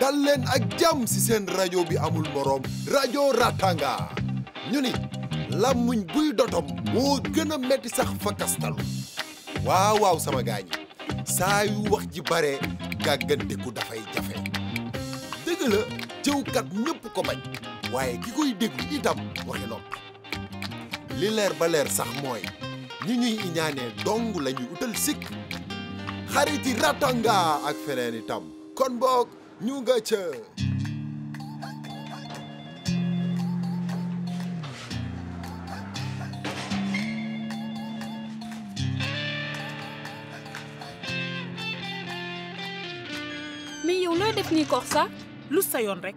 dal ak jàmm ci seen rajo bi amul morom rajo Ratanga ñu ni làmmuñ buy dotom moo gën a metti sax fa kastalu waaw waaw sama gaañ saa yu wax ji bare gàgganteku dafay jafe dëgg la jëwkat ñëpp ko bañ waaye ki koy déglu itam waxe noppi li leer ba leer sax mooy ñi ñuy iñaanee dong la ñuy utal sikk xariti Ratanga ak feneen itam kon boog ñu nga ca mais yow looy def nii Korsa lu sa yoon rek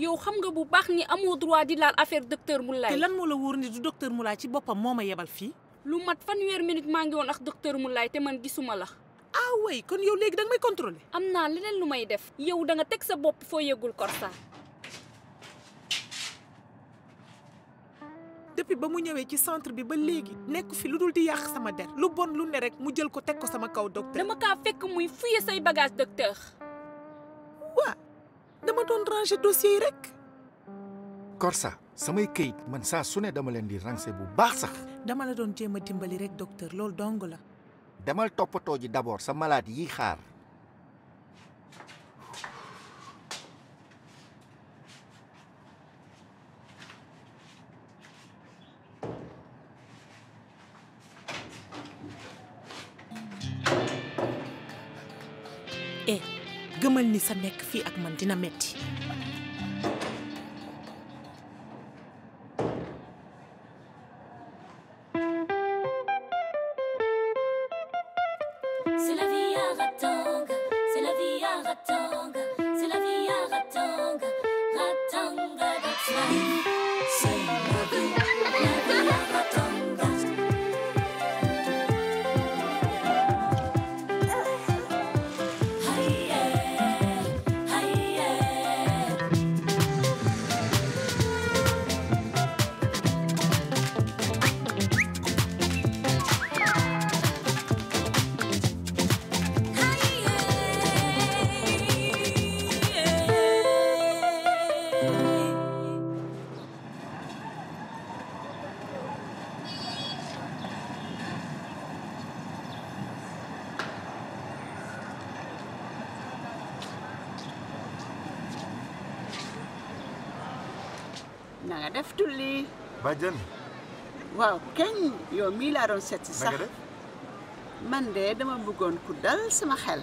yow xam nga bu baax ni amoo droit di laal affaire docteur Moulay. te lan moo la wóor ni du docteur Moulay ci boppam moo ma yebal fii. lu mat fanweer minute maa ngi woon ak docteur Moulay te man gisuma la. ah way kon yow léegi danga may contrôler. am na leneen lu may def. yow danga teg sa bopp foo yëgul Corsa. depuis ba mu ñëwee ci centre bi ba léegi nekk fi lu dul di yàq sama der lu bon lu ne rek mu jël ko teg ko sama kaw docteur. dama kaa fekk muy fouiller say bagage docteur. waa dama doon ranger dossier yi rek. Corsa samay këyit man saa su ne dama leen di ranger bu baax sax. dama la doon jéem a dimbali rek docteur loolu dong la. demal toppatoo ji d'abord sa malaat yi xaar eh, gëmal ni sa nekk fii ak man dina metti bàjjen waaw kañ yow mii laa doon seet si sax man de dama bëggoon ku dal sama xel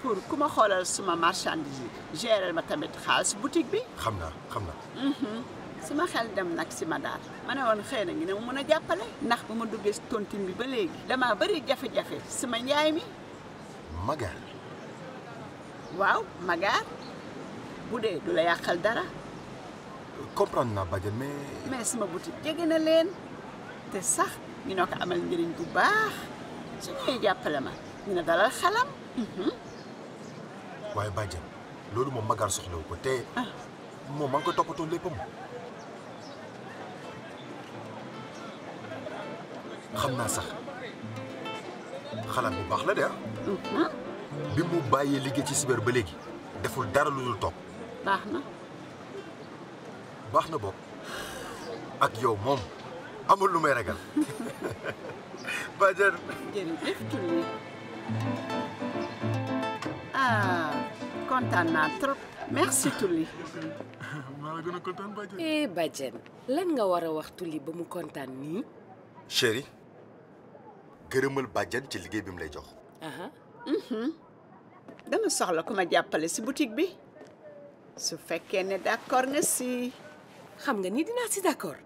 pour ku ma xoolal suma marchandise yi gérer ma tamit xaalis boutique bi xam naa xam naa mhm. sama xel dem nag si ma daal ma ne woon xëy na ngi ne mu mën a jàppale ndax bu ma duggee si tontine bi ba léegi damaa bëri jafe-jafe sama njaay mi magaar waaw magaar bu dee du la yàqal dara comprendre naa Badiane mais. mais sama boutique jege na leen te sax ñu noo ko amal njëriñ bu baax su ñuy jàppale ma dina dalal xalam. Mhm. waaye Badiane loolu moom Maguette soxlawu ko te. Ah. moom maa ko toppatoo léppam. xam naa sax xalaat bu baax la de ah. mhm. bi mu bàyyee liggéey ci cyber ba léegi deful dara lu dul toog. baax na. baax na bopp ak yow moom amul lu may ragal Badiane. jërëjëf Tulli ah, eh, nga war a wax Tulli ba mu kontaan nii. chéri gërëmal Badiane ci liggéey bi mu lay jox. Mm-hmm. dama soxla ku ma jàppale si boutique bi su fekkee ne d'accord nga si. xam nga ni dinaa si d'accord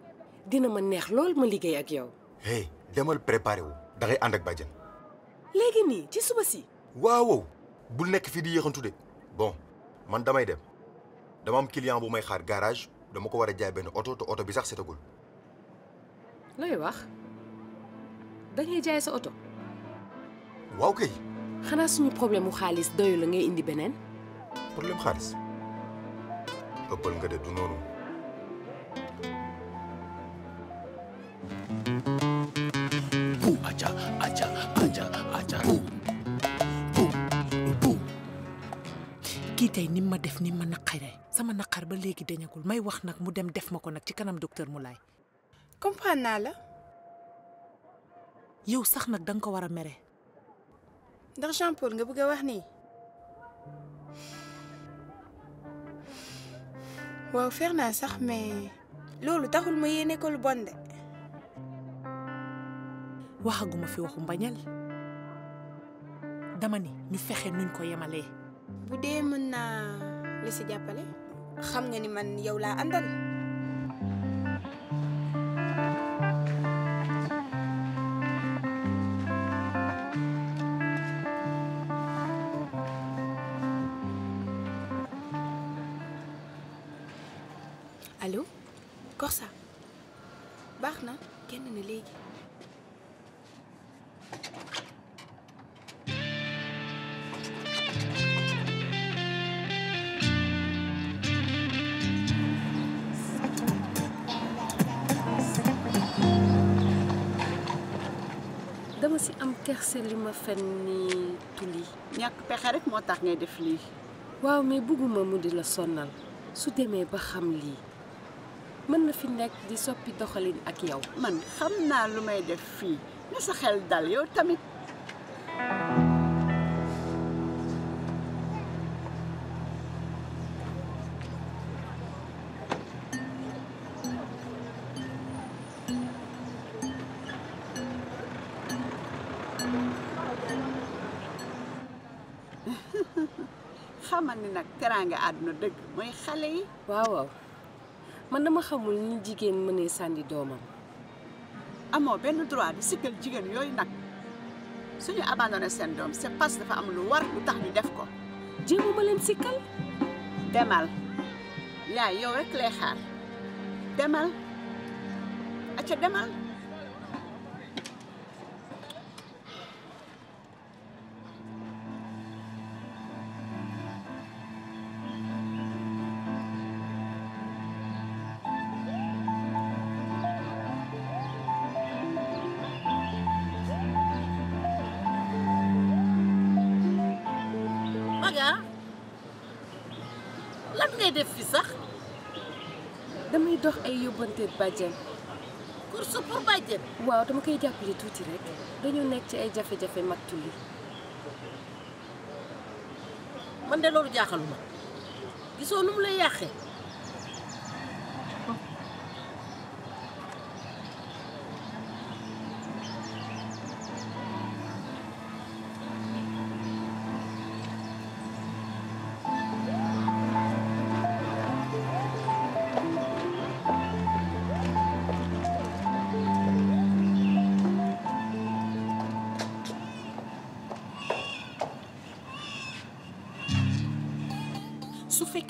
dina ma neex lool ma liggéey ak yow. hey demal préparé wu da ànd ak bàjjen. léegi nii ci suba si. waaw bul nekk fii di yéexantu de bon man damay dem dama am client bu may xaar garage dama ko war a jaay benn oto te oto bi sax setagul. looy wax da jaay sa oto. waaw kay. xanaa suñu problème mu xaalis doyu la ngay indi beneen. problème xaalis ëppal nga de du noonu. tey ni ma def ni ma naqaree sama naqar ba léegi dañagul may wax nag mu dem def ma ko nag ci kanam docteur Moulay. comprendre naa la. yow sax nag danga ko war a mere. ndax Jean Paul nga bëgg a wax nii. waaw feer naa sax mais. loolu taxul ma yéene ko lu bon de. waxaguma fi waxu mbañal dama ni ñu fexe nuñ ko yemalee. bu dee mën naa la si jàppale xam nga ni man yow laa àndal. xenitu lii ñàkk pexe rek moo tax ngay def lii waaw mais bëgguma mu di la sonnal su demee ba xam lii mën na fi nekk di soppi doxalin ak yow man xam naa lu may def fii na sa xel dal yow tamit xamal ni nag teraange àdduna dëgg mooy xale yi. waaw waaw man dama xamul ni jigéen mënee sànni doomam. amoo benn droit di sikkal jigéen yooyu nag suñu abandonné seen doom c'est parce que dafa am lu war lu tax ñu def ko. jéemu ma leen sikkal. demal yaay yow rek lay xaar demal acca demal. peut être pour bàjjen. waaw dama koy jàppale tuuti rek dañu nekk ci ay jafe-jafe mag tulli. man de loolu jaaxaluma gisoo nu mu lay yàqee.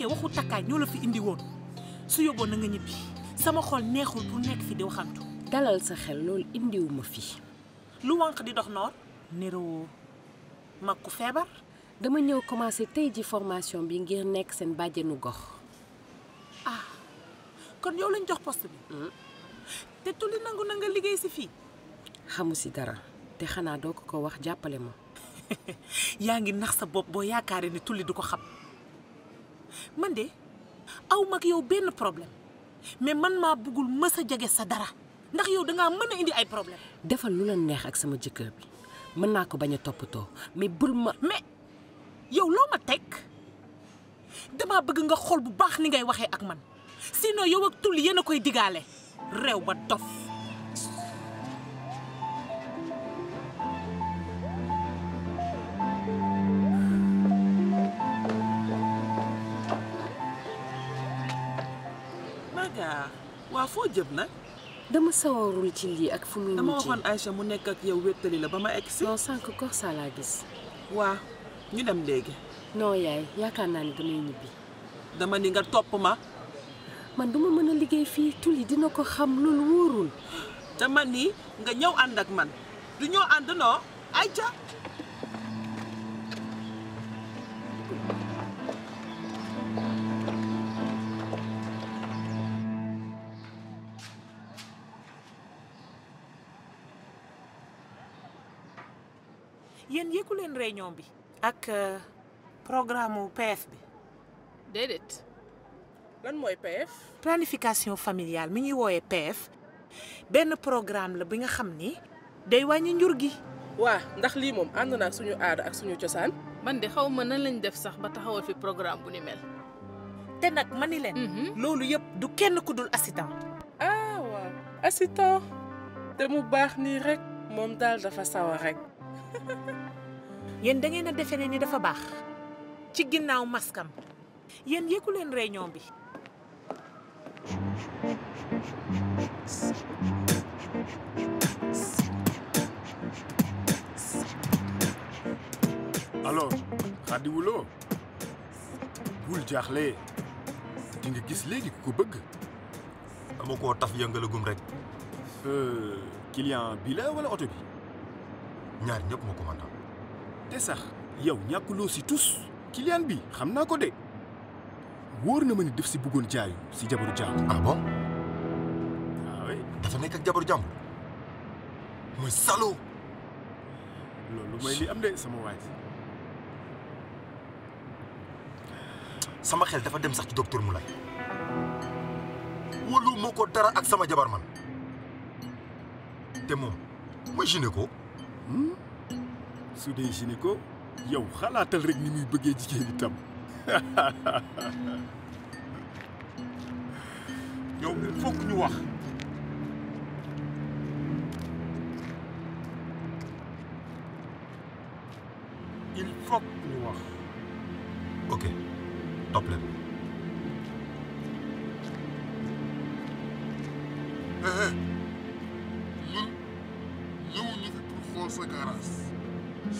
fekkee waxu takkaay ñoo la fi indi woon su yóbboo na nga ñibbi sama xol neexul bu nekk fi di waxantu. dalal sa xel loolu indiwuma fii. lu wànq di dox noor. niroo mag ku feebar. dama ñëw commencé tey ji formation bi ngir nekk seen bàjjenu gox. ah kon yow lañ jox poste bi. Hmm? te tulli nangu na liggéey si fii. xamu si dara te xanaa doo ko ko wax jàppale ma. yaa ngi nax sa bopp boo yaakaaree ne tulli du ko xam. man de aw mag yow benn problème mais man maa bëggul mës sa jege sa dara ndax yow dangaa mën a indi ay problème defal lu la neex ak sama jëkkër bi mën naa ko bañ a toppatoo mais bul ma mais yow loo ma teg damaa bëgg nga xool bu baax ni ngay waxee ak man sinon yow ak tulli yéen a koy digaale réew ba dof maga waaw foo jëm nag. dama sawarul ci lii ak fu muy mujjee dama waxoon Aïcha mu nekk ak yow wéttali la ba ma egg si. non sànq Korsa laa gis. waaw ñu dem léegi. non yaay yaakaar naa ni damay ñibbi. dama ni nga topp ma. man duma mën a liggéey fii Tuli dina ko xam loolu wóorul. dama ni nga ñëw ànd ak man du ñoo ànd noo Aïcha. réunion bi ak euh, programme mu PF bi. déedéet. mooy PF. planification familiale mi ñuy wooyee PF benn programme la bi nga xam ni day wàññi njur gi. waa ndax lii moom ànd suñu aada suñu cosaan. man de xaw ma nan lañ def sax ba taxawal fi programme bu ni mel. te nag ma ni leen. Mhm. loolu yëpp du kenn ku dul ah, assistant. te mu baax nii rek moom daal dafa sawar rek. yéen dangeen a defe ni dafa baax ci ginnaaw maskam yéen yëgu leen réunion bi alors Khady Woulo jaaxle di gis léegi ku ko bëgg dama koo taf yëngalagum rek euh, client bi la oto bi ñaar ñëpp moo ko mën te sax yow ñàkkuloo si tous client bi xam naa ko de wóor na ma ni def si bëggoon jaayu si jabaru jàmbur. ah bon. waaw ah dafa nekk ak jabaru jàmbur mooy salaud. loolu mooy li am de sama waay sama xel dafa dem sax ci docteur Moulay wóolu moo ko dara ak sama jabar man te moom mooy ko su dee gynéco yow xalaatal rek ni muy bëggee jigéen itam yow il faut que ñu wax il faut ñu wax ok topp leen eh, eh. ñun ñëwuñu fi pour xool sa garage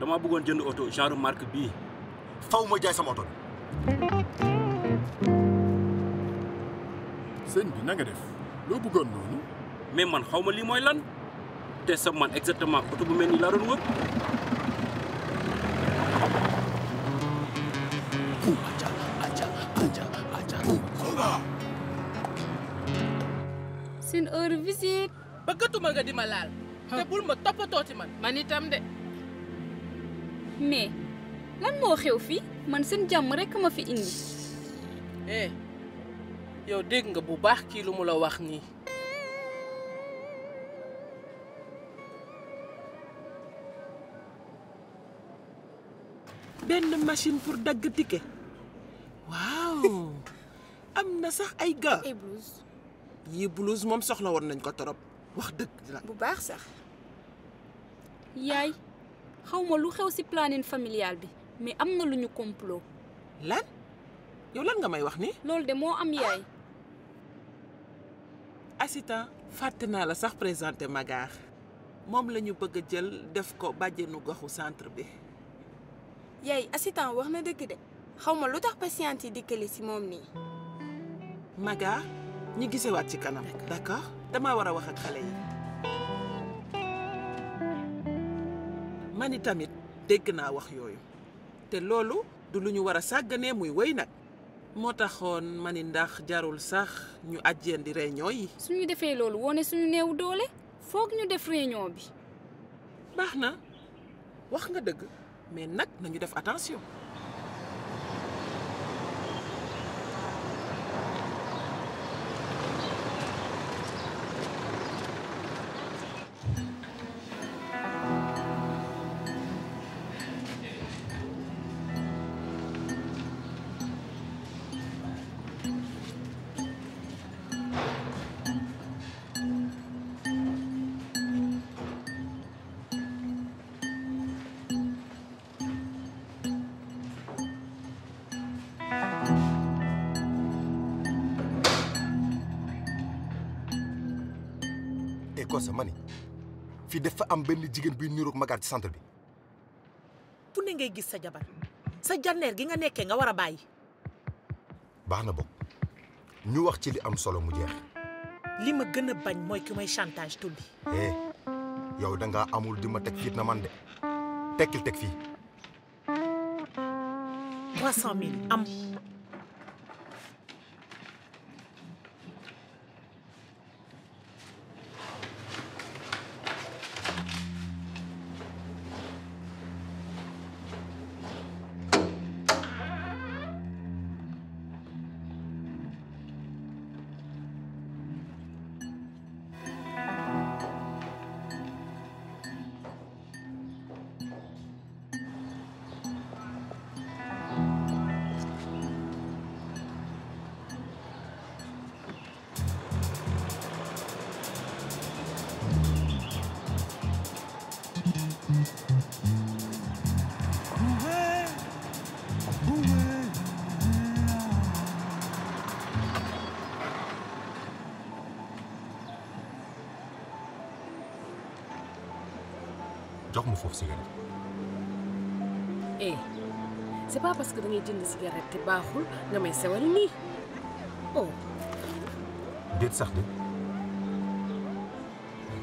damaa bëggoon jënd oto genre marque bi faw ma jaay sama oto bi. sëñ bi na def loo bëggoon noonu. mais man xaw ma lii mooy lan te sa man exactement oto bu mel nii laa doon wër. seen heure bëggatuma nga di ma laal. te bul ma toppatooti man. man itam de. mais lan moo xew fii man seen jàmm rekk ma fi indi. eh yow dégg nga bu baax kii lu mu la wax nii. benn machine pour dagg ticket waaw am na sax ay gars. ay blouse. moom soxla woon nañ ko torop wax dëgg la. bu baax sax. yaay. xaw ma lu xew ci planning familial bi mais am na lu ñu complot. lan yow lan nga may wax ni loolu de moo am yaay. assistant fàtte naa la sax présenté Magaar moom la ñu bëgg a jël def ko bàjjenu goxu centre bi. yaay assistant wax na dëgg de xaw ma lu tax patiente yi dikkali ci moom nii. Magaar ñu gisewaat ci kanam. d'accord dama war a wax ak xale yi. mani tamit dégg naa wax yooyu te loolu du lu ñu war a sàgganee muy wéy nag moo taxoon ma ni ndax jarul sax ñu àjjeen di réunion yi. suñu defee loolu woone suñu néew doole foog ñu def réunion bi. baax na wax nga dëgg mais nag nañu def attention. Kosa ma ni fii dafa am benn jigéen buy niroog magaar ci centre bi. fu ne ngay gis sa jabar sa janneer gi nga nekkee nga war a bàyyi. baax na boog ñu wax ci li am solo mu jeex. li ma gën a bañ mooy ki may chantage tumbi. Eh, yow da ngaa amul di ma teg fitna man de tekkil teg fii. am. jox ma foofu cigarette. Eh, parce que da ngay jënd cigarette te baaxul nga may sewal nii oh. déet sax de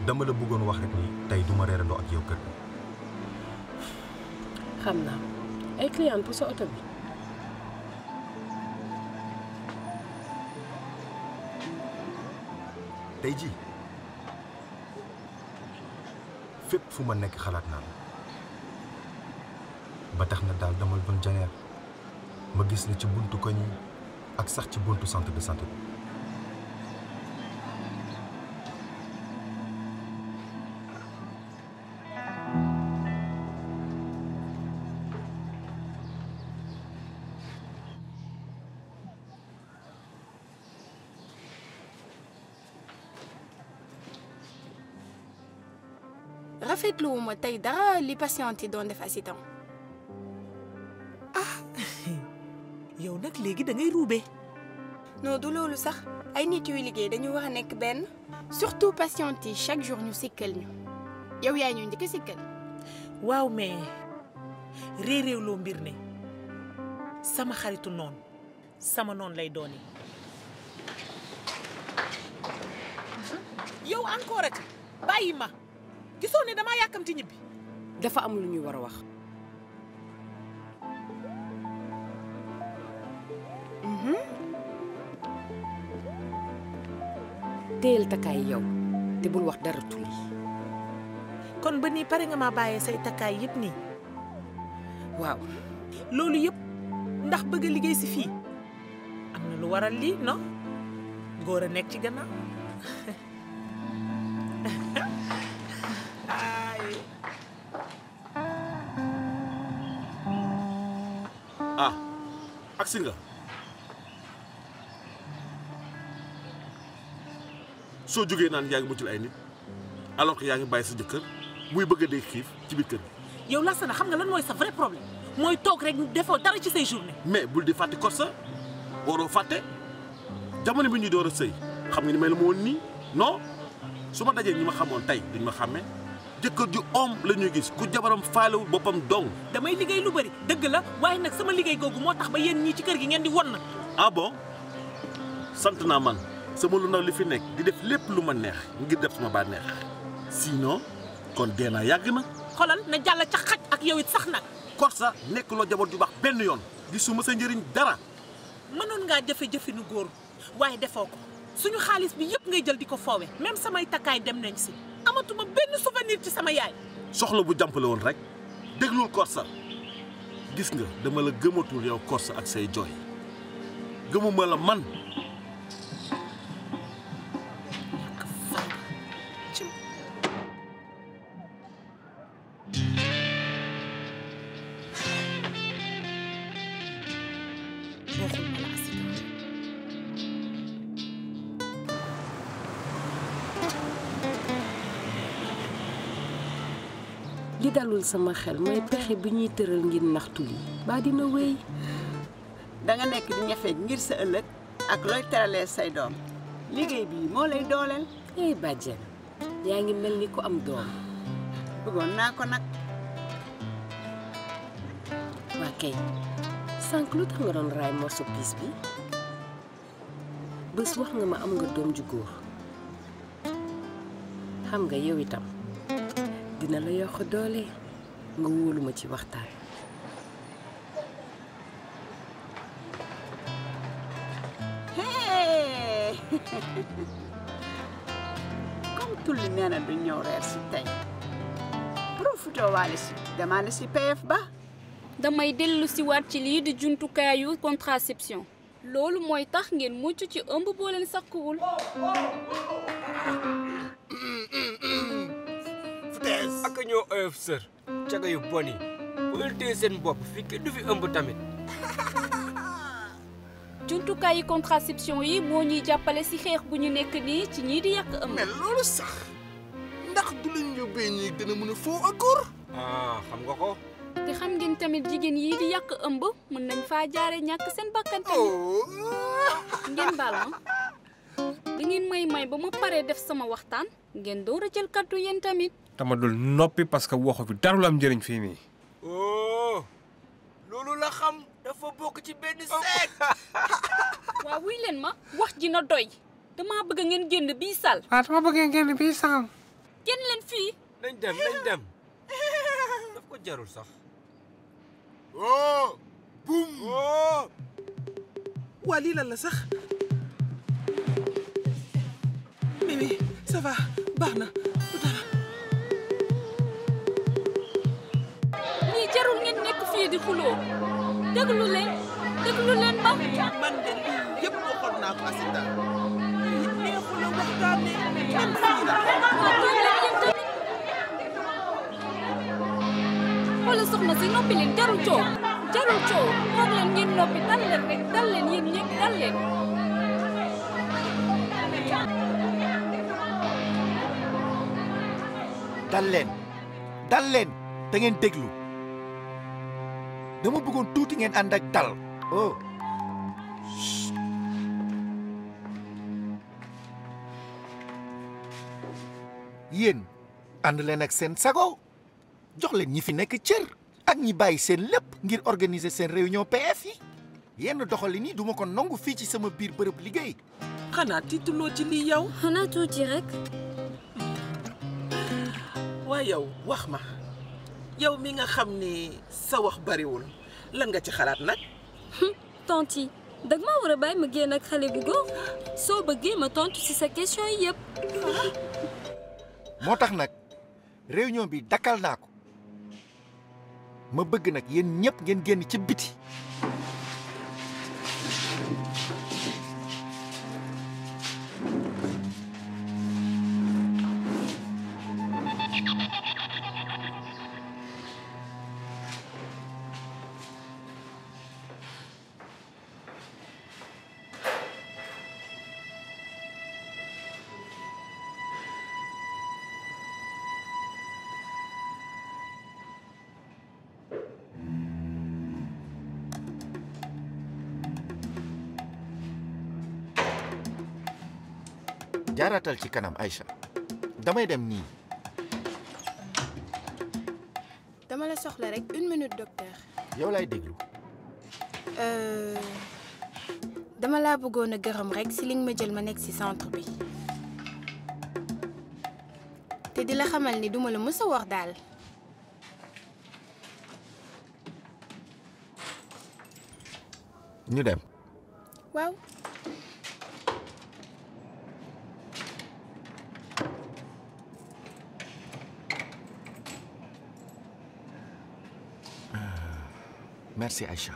dama la bëggoon wax rek ni tey duma reerandoo ak yow kër gi. xam naa ay client sa oto bi. tey jii. fépp fu ma nekk xalaat naa ba tax na daal dama doon janeer ma gis ne ci buntu koñ yi ak sax ci buntu sant de sant bi rafetluwuma tey dara li patiente yi doon def assistant ah yow nag léegi da ngay ruube non du loolu sax ay nit yuy liggéey dañu wax nekk benn surtout patiente yi chaque jour ñu sikkal ñu yow yaay ñu njëkk sikkal waaw mais réeréew mbir ne sama xaritu noonu sama noonu lay dooni yow encore ati bàyyi ma gisoo ne damaa yàkkamti ñibbi. dafa am lu ñuy war a wax. Mhm. téyel takkaay yow te bul wax dara tulli. kon ba nii pare nga ma bàyyee say takkaay yëpp nii. waaw. loolu yëpp ndax bëgg a liggéey si fii am na lu waral lii non góor a nekk ci gannaaw. agsi nga soo jógee naan yaa ngi muccul ay nit alors yaa ngi bàyyi sa jëkkër muy bëgg a dee xiif ci biir kër gi. yow Lassana xam nga lan mooy sa vrai problème mooy toog rek defoo dara ci say journée. mais bul di fàtte kot sa waroo fàtte jamono bi ñuy door a sëy xam nga ni mel moo nii noo su ma dajee ñi ma xamoon tey duñ ma xàmmee. jëkkër ju om la ñuy gis ku jabaram faalewul boppam dong damay liggéey lu bari dëgg la waaye nag sama liggéey googu moo tax ba yéen ñii ci kër gi ngeen di won nag ah bon sant naa man sama lu ndaw li fi nekk di def lépp lu ma neex ngir def sama bànneex sinon kon dee naa yàgg na xolal na jàll ca xaj ak yow it sax nag Korsa nekk loo jabar ju baax benn yoon di gisuma sa njëriñ dara mënoon ngaa jafe nu góor waaye defoo ko suñu xaalis bi yëpp ngay jël di ko foowe même samay takkaay dem nañ si amatuma benn souvenir ci sama yaay. soxla bu jàmpalewoon woon rek déglul Korsa gis nga dama la gëmatul yow Korsa ak say jooy gëmuma la man. li dalul sama xel mooy pexe bi ñuy tëral ngir naxtu li baa dina wéy da nekk di ñafe ngir sa ëllëg ak looy teralee say doom liggéey bii moo lay dooleel éy bàjjen yaa ngi mel ni ku am doom bëggoon naa ko nag waa kay sànq lu tax nga doon raay morso piis bi bés wax nga ma am nga doom ju góor xam nga yow itam dina la yokk doole nga wóolu ci waxtaan comme tulli nee na du ñëw reer si tey profité waale si demaale si PF ba damay dellu waat ci lii di jumtukaayu contraception loolu mooy tax ngeen mucc ci ëmb boo leen sakkuwul oyof sër caga yu bon yi bu seen bopp fii du fi ëmb tamit jumtukaay yi contraception yi moo ñuy jàppale si xeex bu ñu nekk nii ci ñii di yàq ëmb mais loolu sax ndax du leen yóbbee ñii dina mën foo ak ah, xam nga ko te xam ngeen tamit jigéen yii di yàq ëmb mën nañ faa jaare ñàkk seen bakkan tamit oh. ngeen baal ma li ngeen may may ba ma paree def sama waxtaan ngeen door a jël kaddu tamit dama dul noppi parce que waxu fi dara lu am njëriñ fii nii. Oh, loolu la xam dafa bokk ci benn seet. waaw wuy leen ma wax ji na doy dama bëgg ngeen génn bii sal. waaw dama bëgg ngeen génn bii sal. génn leen fii. nañ dem daf ko jarul sax. Oh, oh waa lii lan la sax. Mimi ça baax na. bëri di xuloo déglu leen déglu leen ba. man de lii yëpp naa ko Asita. nit neexul a waxtaanee même fii la. xoolal soxna si noppi leen jarul coow jarul leen ngeen noppi dal leen rek dal leen yéen ñëpp dal leen. dal leen dal leen da ngeen déglu. dama bëggoon tuuti ngeen ànd ak dal oh. yéen ànd leen ak seen sago jox leen ñi fi nekk cër ak ñi bàyyi seen lépp ngir organiser seen réunion PF yi yenn doxali yi duma ko nangu fii ci sama biir bërëb liggéey. xanaa tiituloo ci lii yow. xanaa tuuti rek. waa yow wax ma yow mi nga xam ni sa wax bariwul lan nga ci xalaat nag. tonti dag maa war a bàyyi ma génn ak xale bu góor soo bëggee ma tontu ci sa question yi yëpp. moo tax nag réunion bi dakkal naa ko ma bëgg nag yéen ñëpp ngeen génn ci biti. jaaraatal ci kanam Aïcha damay dem nii. dama la soxla rek une minute docteur. yow laay déglu. Euh, dama laa bëggoon a gërëm rek si li ma jël ma nekk si centre bi te di la xamal ni duma la mës a wax daal. ñu dem. waaw. Merci Aïcha.